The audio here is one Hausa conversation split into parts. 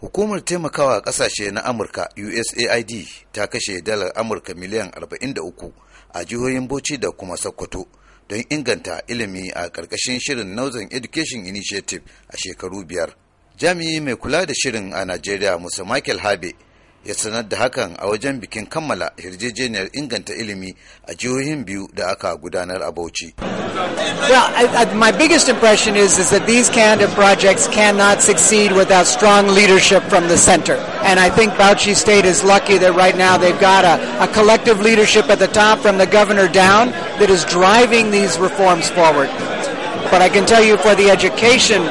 Hukumar taimakawa kasashe na Amurka USAID ta kashe dalar Amurka miliyan 43 a jihohin Bauchi da kuma Sokoto don inganta ilimi a ƙarƙashin shirin Northern Education Initiative a shekaru biyar. Jami'i mai kula da shirin a Najeriya Musa Michael Habe ya sanar da hakan a wajen bikin kammala yarjejeniyar inganta ilimi a jihohin biyu da aka gudanar a Bauchi. Well, I, I, my biggest impression is, is that these kind of projects cannot succeed without strong leadership from the center. And I think Bauchi State is lucky that right now they've got a, a collective leadership at the top from the governor down that is driving these reforms forward. But I can tell you for the education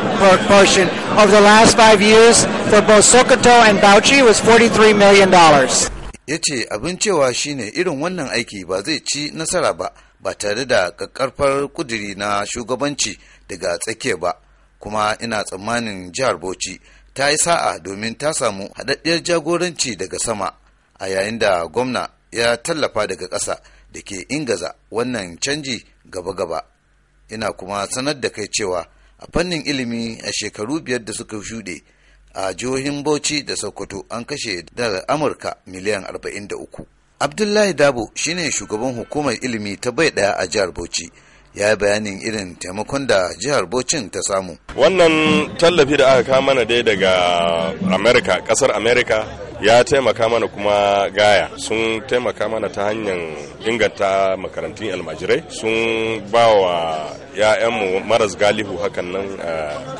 portion, over the last five years, for both Sokoto and Bauchi was $43 million. Ya ce abin cewa ne irin wannan aiki ba zai ci nasara ba, ba tare da kakkarfar ƙudiri na shugabanci daga tsakiya ba, kuma ina tsammanin jihar Bauchi ta yi sa'a domin ta samu haɗaɗɗiyar jagoranci daga sama, a yayin da gwamna ya tallafa daga ƙasa da ke ingaza wannan canji gaba-gaba. ina kuma sanar da kai cewa a fannin ilimi a shekaru biyar da suka shuɗe a jihohin bauchi da sokoto an kashe dalar amurka miliyan 43 abdullahi dabo shine shugaban hukumar ilimi ta bai ɗaya a jihar bauchi ya yi bayanin irin taimakon da jihar bocin ta samu wannan tallafi da aka kama mana dai daga amerika kasar amerika ya taimaka mana kuma gaya sun taimaka mana ta hanyar inganta makarantun almajirai sun ba wa ya'yan mu maras galihu hakan nan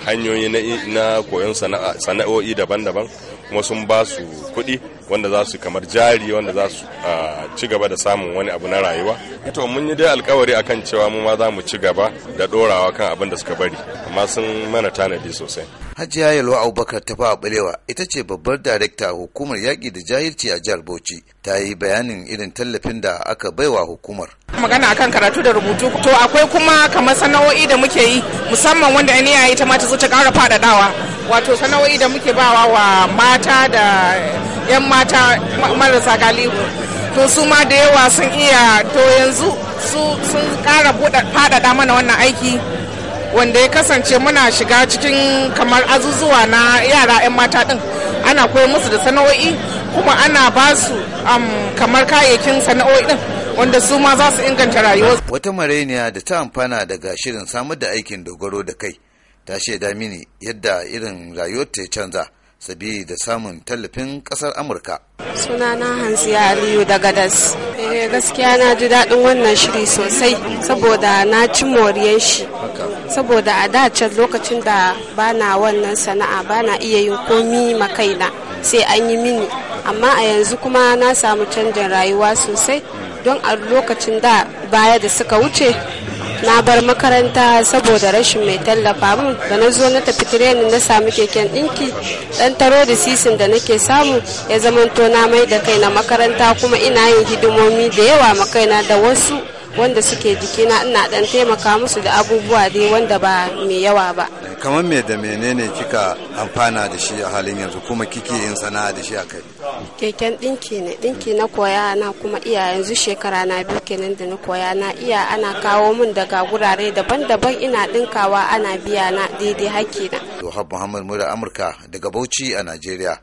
hanyoyi na koyon sana'o'i daban-daban kuma sun ba su kuɗi wanda za su kamar jari wanda za su ci gaba da samun wani abu na rayuwa to mun yi dai alkawari akan cewa mu ma za mu ci gaba da ɗorawa kan abin da suka bari amma sun mana tanadi sosai Hajiya Yalwa Abubakar ta a balewa ita ce babbar darekta a hukumar yaƙi da jahilci a jihar Bauchi ta yi bayanin irin tallafin da aka baiwa hukumar. Magana akan karatu da rubutu to akwai kuma kamar sana'o'i da muke yi musamman wanda ya ita ma ta zo ta ƙara faɗaɗawa wato sana'o'i da muke bawa wa mata da 'yan mata marasa galihu to su ma da yawa sun iya to yanzu sun ƙara faɗaɗa mana wannan aiki wanda ya kasance muna shiga cikin kamar azuzuwa na yara 'yan mata din ana koyi musu da sana'o'i kuma ana ba su um, kamar kayayyakin sana'o'i din wanda su ma za su inganta rayuwa. Wata marainiya da ta amfana daga shirin samar da aikin dogaro da kai ta shaida mini yadda irin rayuwar ta canza sabi da samun tallafin kasar Amurka. Sunana Hansiya Aliyu daga Das. Eh, gaskiya na ji daɗin wannan shiri sosai saboda na ci moriyar shi. saboda a da can lokacin da bana wannan sana'a bana iya yin komi makaina sai an yi mini amma a yanzu kuma na samu canjin rayuwa sosai don a lokacin da baya da suka wuce na bar makaranta saboda rashin mai tallafa mun da na zo na tafi tirenin na samu keken ɗinki ɗan taro da sisin da nake samu ya zamanto na mai da kaina makaranta kuma ina yin hidimomi da yawa makaina da wasu wanda suke jikina ina dan taimaka musu da abubuwa dai wanda ba mai yawa ba kamar me da menene kika amfana da shi a halin yanzu kuma kike yin sana'a da shi a kai keken dinki ne dinki na koya na kuma iya yanzu shekara na biyu kenan da na koya na iya ana kawo min daga gurare daban-daban ina dinkawa ana biya na daidai hakki na Muhammad Mura Amurka daga Bauchi a Najeriya